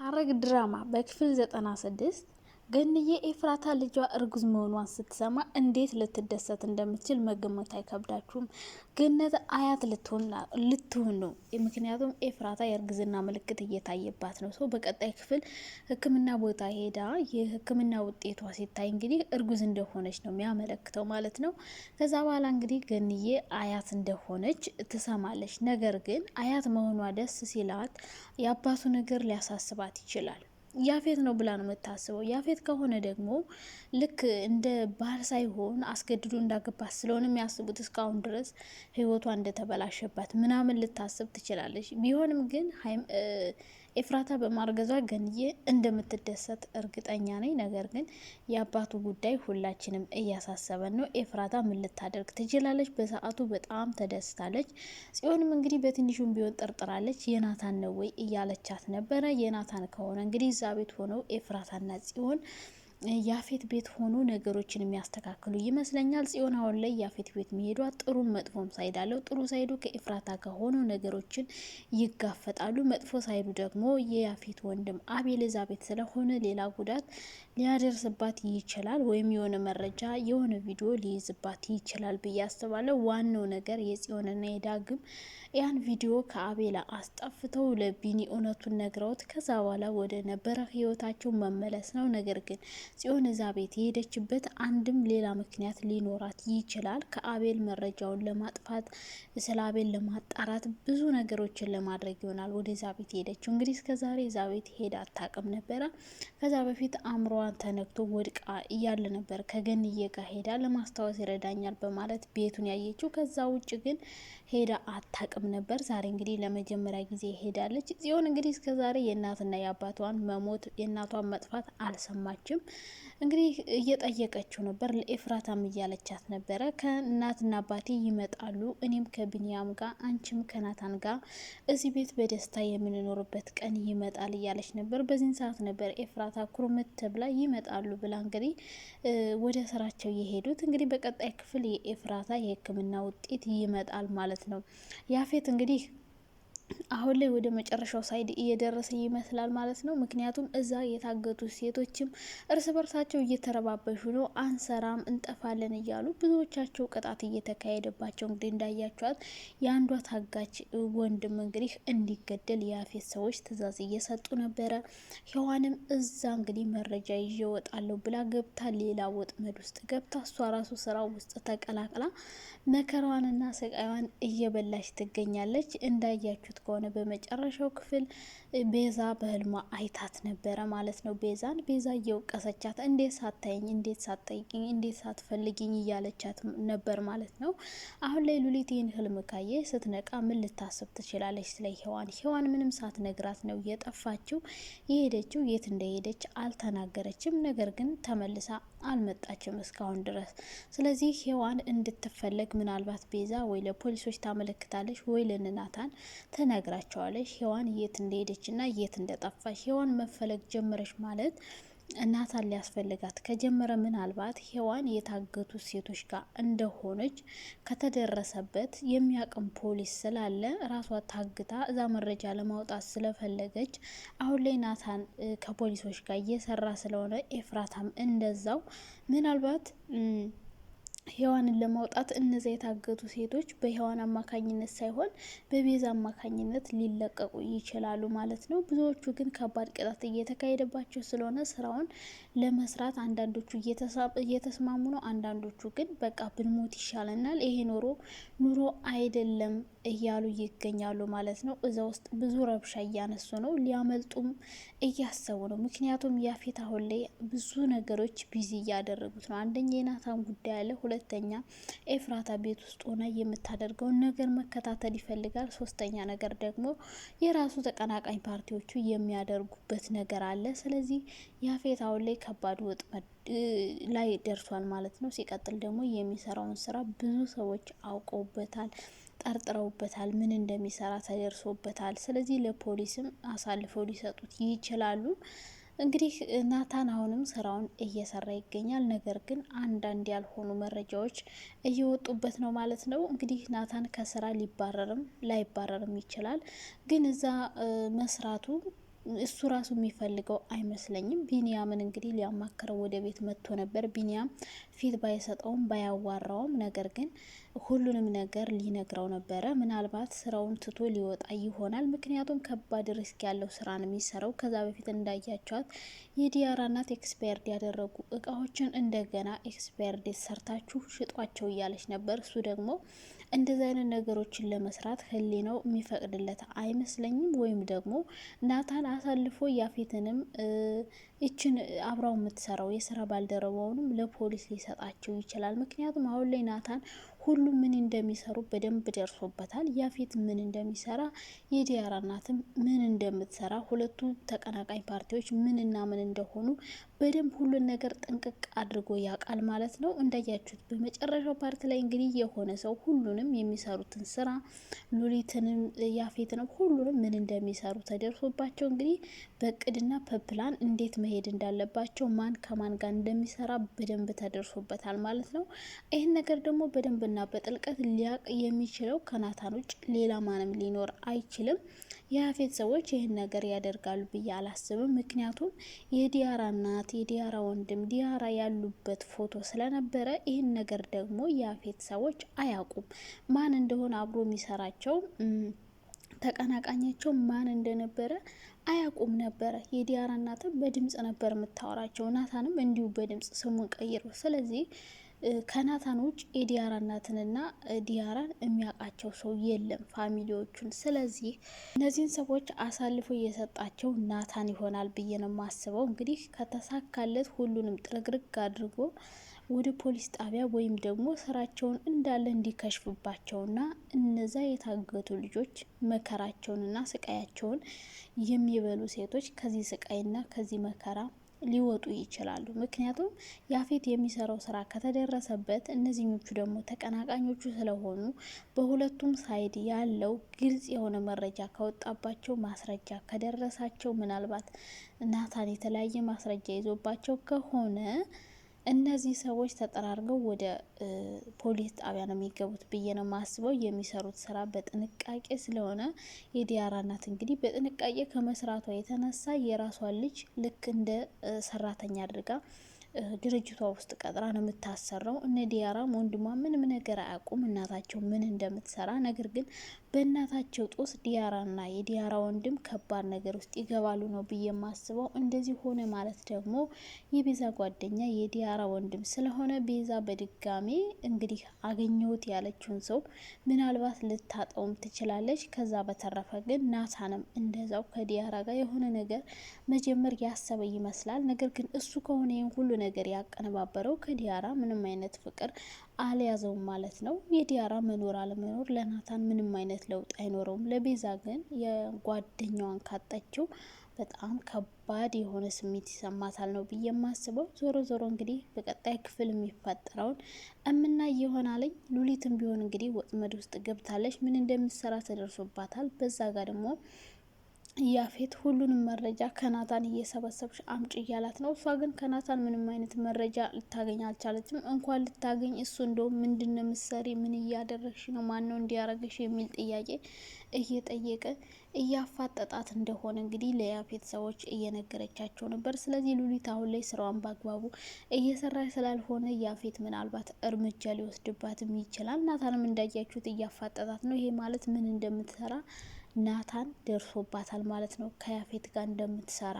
ሐረግ ድራማ በክፍል 96 ገንዬ ኤፍራታ ልጇ እርጉዝ መሆኗን ስትሰማ እንዴት ልትደሰት እንደምትችል መገመት አይከብዳችሁም። ገነት አያት ልትሆን ነው። ምክንያቱም ኤፍራታ የእርግዝና ምልክት እየታየባት ነው። ሰው በቀጣይ ክፍል ሕክምና ቦታ ሄዳ የሕክምና ውጤቷ ሲታይ እንግዲህ እርጉዝ እንደሆነች ነው የሚያመለክተው ማለት ነው። ከዛ በኋላ እንግዲህ ገንዬ አያት እንደሆነች ትሰማለች። ነገር ግን አያት መሆኗ ደስ ሲላት የአባቱ ነገር ሊያሳስባት ይችላል። ያፌት ነው ብላ ነው የምታስበው። ያፌት ከሆነ ደግሞ ልክ እንደ ባል ሳይሆን አስገድዶ እንዳገባት ስለሆነ የሚያስቡት እስካሁን ድረስ ህይወቷ እንደተበላሸባት ምናምን ልታስብ ትችላለች። ቢሆንም ግን ኤፍራታ በማርገዟ ገንዬ እንደምትደሰት እርግጠኛ ነኝ። ነገር ግን የአባቱ ጉዳይ ሁላችንም እያሳሰበን ነው። ኤፍራታ ምን ልታደርግ ትችላለች? በሰዓቱ በጣም ተደስታለች። ጽዮንም እንግዲህ በትንሹም ቢሆን ጠርጥራለች። የናታን ነው ወይ እያለቻት ነበረ። የናታን ከሆነ እንግዲህ እዛ ቤት ሆነው ኤፍራታና ጽዮን ያፌት ቤት ሆኖ ነገሮችን የሚያስተካክሉ ይመስለኛል። ጽዮን አሁን ላይ ያፌት ቤት መሄዷ ጥሩም መጥፎም ሳይድ አለው። ጥሩ ሳይዱ ከኤፍራታ ጋር ሆኖ ነገሮችን ይጋፈጣሉ። መጥፎ ሳይዱ ደግሞ የያፌት ወንድም አቤልዛቤት ስለሆነ ሌላ ጉዳት ሊያደርስባት ይችላል፣ ወይም የሆነ መረጃ የሆነ ቪዲዮ ሊይዝባት ይችላል ብዬ አስባለሁ። ዋናው ነገር የጽዮንና የዳግም ያን ቪዲዮ ከአቤላ አስጠፍተው ለቢኒ እውነቱን ነግረውት ከዛ በኋላ ወደ ነበረ ህይወታቸው መመለስ ነው። ነገር ግን ጽዮን እዛ ቤት የሄደችበት አንድም ሌላ ምክንያት ሊኖራት ይችላል። ከአቤል መረጃውን ለማጥፋት ስለ አቤል ለማጣራት ብዙ ነገሮችን ለማድረግ ይሆናል ወደዛ ቤት ሄደችው። እንግዲህ እስከ ዛሬ እዛ ቤት ሄዳ አታቅም ነበረ። ከዛ በፊት አእምሮዋን ተነክቶ ወድቃ እያለ ነበር ከገንዬ ጋር ሄዳ ለማስታወስ ይረዳኛል በማለት ቤቱን ያየችው። ከዛ ውጭ ግን ሄዳ አታቅም ነበር። ዛሬ እንግዲህ ለመጀመሪያ ጊዜ ሄዳለች። ጽዮን እንግዲህ እስከዛሬ የእናትና የአባቷን መሞት የእናቷን መጥፋት አልሰማችም። እንግዲህ እየጠየቀችው ነበር። ለኤፍራታም እያለቻት ነበረ ከእናትና አባቴ ይመጣሉ፣ እኔም ከብንያም ጋር አንቺም ከናታን ጋር እዚህ ቤት በደስታ የምንኖርበት ቀን ይመጣል እያለች ነበር። በዚህን ሰዓት ነበር ኤፍራታ ኩርምት ብላ ይመጣሉ ብላ እንግዲህ ወደ ስራቸው የሄዱት። እንግዲህ በቀጣይ ክፍል የኤፍራታ የሕክምና ውጤት ይመጣል ማለት ነው። ያፌት እንግዲህ አሁን ላይ ወደ መጨረሻው ሳይድ እየደረሰ ይመስላል ማለት ነው። ምክንያቱም እዛ የታገቱ ሴቶችም እርስ በርሳቸው እየተረባበሹ ነው። አንሰራም፣ እንጠፋለን እያሉ ብዙዎቻቸው ቅጣት እየተካሄደባቸው እንግዲህ እንዳያቸዋት የአንዷ ታጋች ወንድም እንግዲህ እንዲገደል የአፌት ሰዎች ትዕዛዝ እየሰጡ ነበረ። ሔዋንም እዛ እንግዲህ መረጃ ይዤ እወጣለሁ ብላ ገብታ ሌላ ወጥመድ ውስጥ ገብታ እሷ ራሱ ስራ ውስጥ ተቀላቅላ መከራዋንና ስቃይዋን እየበላሽ ትገኛለች እንዳያችሁት ከሆነ በመጨረሻው ክፍል ቤዛ በህልሟ አይታት ነበረ ማለት ነው። ቤዛን ቤዛ እየወቀሰቻት እንዴት ሳታይኝ፣ እንዴት ሳትጠይቅኝ፣ እንዴት ሳትፈልግኝ እያለቻት ነበር ማለት ነው። አሁን ላይ ሉሊት ይህን ህልም ካየ ስትነቃ ምን ልታስብ ትችላለች? ስለ ሔዋን ሔዋን ምንም ሳትነግራት ነው የጠፋችው። የሄደችው የት እንደሄደች አልተናገረችም። ነገር ግን ተመልሳ አልመጣችም እስካሁን ድረስ። ስለዚህ ሔዋን እንድትፈለግ ምናልባት ቤዛ ወይ ለፖሊሶች ታመለክታለች ወይ ለንናታን ትነግራቸዋለች ሔዋን የት እንደሄደች እና የት እንደጠፋች። ሔዋን መፈለግ ጀመረች ማለት እናታን ሊያስፈልጋት ከጀመረ ምናልባት ሔዋን የታገቱ ሴቶች ጋር እንደሆነች ከተደረሰበት የሚያቅም ፖሊስ ስላለ ራሷ ታግታ እዛ መረጃ ለማውጣት ስለፈለገች አሁን ላይ ናታን ከፖሊሶች ጋር እየሰራ ስለሆነ ኤፍራታም እንደዛው ምናልባት ሔዋንን ለማውጣት እነዚያ የታገቱ ሴቶች በሔዋን አማካኝነት ሳይሆን በቤዛ አማካኝነት ሊለቀቁ ይችላሉ ማለት ነው። ብዙዎቹ ግን ከባድ ቅጣት እየተካሄደባቸው ስለሆነ ስራውን ለመስራት አንዳንዶቹ እየተስማሙ ነው። አንዳንዶቹ ግን በቃ ብንሞት ይሻለናል፣ ይሄ ኑሮ ኑሮ አይደለም እያሉ ይገኛሉ ማለት ነው። እዛ ውስጥ ብዙ ረብሻ እያነሱ ነው። ሊያመልጡም እያሰቡ ነው። ምክንያቱም ያፌት አሁን ላይ ብዙ ነገሮች ቢዚ እያደረጉት ነው። አንደኛ የናታን ጉዳይ አለ። ሁለተኛ ኤፍራታ ቤት ውስጥ ሆነ የምታደርገውን ነገር መከታተል ይፈልጋል። ሶስተኛ ነገር ደግሞ የራሱ ተቀናቃኝ ፓርቲዎቹ የሚያደርጉበት ነገር አለ። ስለዚህ ያፌት አሁን ላይ ከባድ ወጥመድ ላይ ደርሷል ማለት ነው። ሲቀጥል ደግሞ የሚሰራውን ስራ ብዙ ሰዎች አውቀውበታል ጠርጥረውበታል። ምን እንደሚሰራ ተደርሶበታል። ስለዚህ ለፖሊስም አሳልፈው ሊሰጡት ይችላሉ። እንግዲህ ናታን አሁንም ስራውን እየሰራ ይገኛል። ነገር ግን አንዳንድ ያልሆኑ መረጃዎች እየወጡበት ነው ማለት ነው። እንግዲህ ናታን ከስራ ሊባረርም ላይባረርም ይችላል። ግን እዛ መስራቱ እሱ ራሱ የሚፈልገው አይመስለኝም። ቢኒያምን እንግዲህ ሊያማክረው ወደ ቤት መጥቶ ነበር። ቢኒያም ፊት ባይሰጠውም ባያዋራውም፣ ነገር ግን ሁሉንም ነገር ሊነግረው ነበረ። ምናልባት ስራውን ትቶ ሊወጣ ይሆናል። ምክንያቱም ከባድ ሪስክ ያለው ስራ ነው የሚሰራው። ከዛ በፊት እንዳያቸዋት የዲያራ ናት ኤክስፓየርድ ያደረጉ እቃዎችን እንደገና ኤክስፐርድ ሰርታችሁ ሽጧቸው እያለች ነበር። እሱ ደግሞ እንደዚህ አይነት ነገሮችን ለመስራት ህሊናው የሚፈቅድለት አይመስለኝም። ወይም ደግሞ ናታን አሳልፎ ያፌትንም እችን አብራው የምትሰራው የስራ ባልደረባውንም ለፖሊስ ሊሰጣቸው ይችላል። ምክንያቱም አሁን ላይ ናታን ሁሉም ምን እንደሚሰሩ በደንብ ደርሶበታል። ያፌት ምን እንደሚሰራ የዲያራ እናትም ምን እንደምትሰራ ሁለቱ ተቀናቃኝ ፓርቲዎች ምንና ምን እንደሆኑ በደንብ ሁሉን ነገር ጥንቅቅ አድርጎ ያውቃል ማለት ነው። እንዳያችሁት በመጨረሻው ፓርቲ ላይ እንግዲህ የሆነ ሰው ሁሉንም የሚሰሩትን ስራ ሉሊትንም፣ ያፌትንም ሁሉንም ምን እንደሚሰሩ ተደርሶባቸው እንግዲህ በእቅድና በፕላን እንዴት መሄድ እንዳለባቸው ማን ከማን ጋር እንደሚሰራ በደንብ ተደርሶበታል ማለት ነው። ይህን ነገር ደግሞ በደንብ በደንብና በጥልቀት ሊያቅ የሚችለው ከናታን ውጭ ሌላ ማንም ሊኖር አይችልም። የሀፌት ሰዎች ይህን ነገር ያደርጋሉ ብዬ አላስብም። ምክንያቱም የዲያራ እናት የዲያራ ወንድም ዲያራ ያሉበት ፎቶ ስለነበረ ይህን ነገር ደግሞ የሀፌት ሰዎች አያውቁም። ማን እንደሆነ አብሮ የሚሰራቸው ተቀናቃኛቸው ማን እንደነበረ አያውቁም ነበረ። የዲያራ እናትም በድምጽ ነበር የምታወራቸው። ናታንም እንዲሁ በድምጽ ስሙን ቀይሮ ስለዚህ ከናታን ውጭ የዲያራ እናትንና ዲያራን የሚያውቃቸው ሰው የለም ፋሚሊዎቹን። ስለዚህ እነዚህን ሰዎች አሳልፎ እየሰጣቸው ናታን ይሆናል ብዬ ነው የማስበው። እንግዲህ ከተሳካለት ሁሉንም ጥርግርግ አድርጎ ወደ ፖሊስ ጣቢያ ወይም ደግሞ ስራቸውን እንዳለ እንዲከሽፍባቸውና እነዛ የታገቱ ልጆች መከራቸውንና ስቃያቸውን የሚበሉ ሴቶች ከዚህ ስቃይና ከዚህ መከራ ሊወጡ ይችላሉ። ምክንያቱም ያፌት የሚሰራው ስራ ከተደረሰበት፣ እነዚህኞቹ ደግሞ ተቀናቃኞቹ ስለሆኑ በሁለቱም ሳይድ ያለው ግልጽ የሆነ መረጃ ከወጣባቸው፣ ማስረጃ ከደረሳቸው፣ ምናልባት ናታን የተለያየ ማስረጃ ይዞባቸው ከሆነ እነዚህ ሰዎች ተጠራርገው ወደ ፖሊስ ጣቢያ ነው የሚገቡት ብዬ ነው ማስበው። የሚሰሩት ስራ በጥንቃቄ ስለሆነ የዲያራ እናት እንግዲህ በጥንቃቄ ከመስራቷ የተነሳ የራሷን ልጅ ልክ እንደ ሰራተኛ አድርጋ ድርጅቷ ውስጥ ቀጥራ ነው የምታሰራው። እነ ዲያራም ወንድሟ ምንም ነገር አያውቁም፣ እናታቸው ምን እንደምትሰራ ነገር ግን በእናታቸው ጦስ ዲያራና የዲያራ ወንድም ከባድ ነገር ውስጥ ይገባሉ ነው ብዬ የማስበው። እንደዚህ ሆነ ማለት ደግሞ የቤዛ ጓደኛ የዲያራ ወንድም ስለሆነ ቤዛ በድጋሜ እንግዲህ አገኘሁት ያለችውን ሰው ምናልባት ልታጠውም ትችላለች። ከዛ በተረፈ ግን ናታንም እንደዛው ከዲያራ ጋር የሆነ ነገር መጀመር ያሰበ ይመስላል። ነገር ግን እሱ ከሆነ ይህን ሁሉ ነገር ያቀነባበረው ከዲያራ ምንም አይነት ፍቅር አልያዘውም ማለት ነው። የዲያራ መኖር አለመኖር ለናታን ምንም አይነት ለውጥ አይኖረውም። ለቤዛ ግን የጓደኛዋን ካጣችው በጣም ከባድ የሆነ ስሜት ይሰማታል ነው ብዬ የማስበው። ዞሮ ዞሮ እንግዲህ በቀጣይ ክፍል የሚፈጠረውን እምናይ ይሆናለኝ። ሉሊትም ቢሆን እንግዲህ ወጥመድ ውስጥ ገብታለች። ምን እንደምትሰራ ተደርሶባታል። በዛ ጋር ደግሞ ያፌት ሁሉንም መረጃ ከናታን እየሰበሰብሽ አምጭ እያላት ነው። እሷ ግን ከናታን ምንም አይነት መረጃ ልታገኝ አልቻለችም። እንኳን ልታገኝ እሱ እንደውም ምንድን ነው ምሰሪ፣ ምን እያደረግሽ ነው፣ ማን ነው እንዲያረግሽ የሚል ጥያቄ እየጠየቀ እያፋጠጣት እንደሆነ እንግዲህ ለያፌት ሰዎች እየነገረቻቸው ነበር። ስለዚህ ሉሊት አሁን ላይ ስራዋን በአግባቡ እየሰራች ስላልሆነ ያፌት ምናልባት እርምጃ ሊወስድባትም ይችላል። ናታንም እንዳያችሁት እያፋጠጣት ነው። ይሄ ማለት ምን እንደምትሰራ ናታን ደርሶባታል ማለት ነው ከያፌት ጋር እንደምትሰራ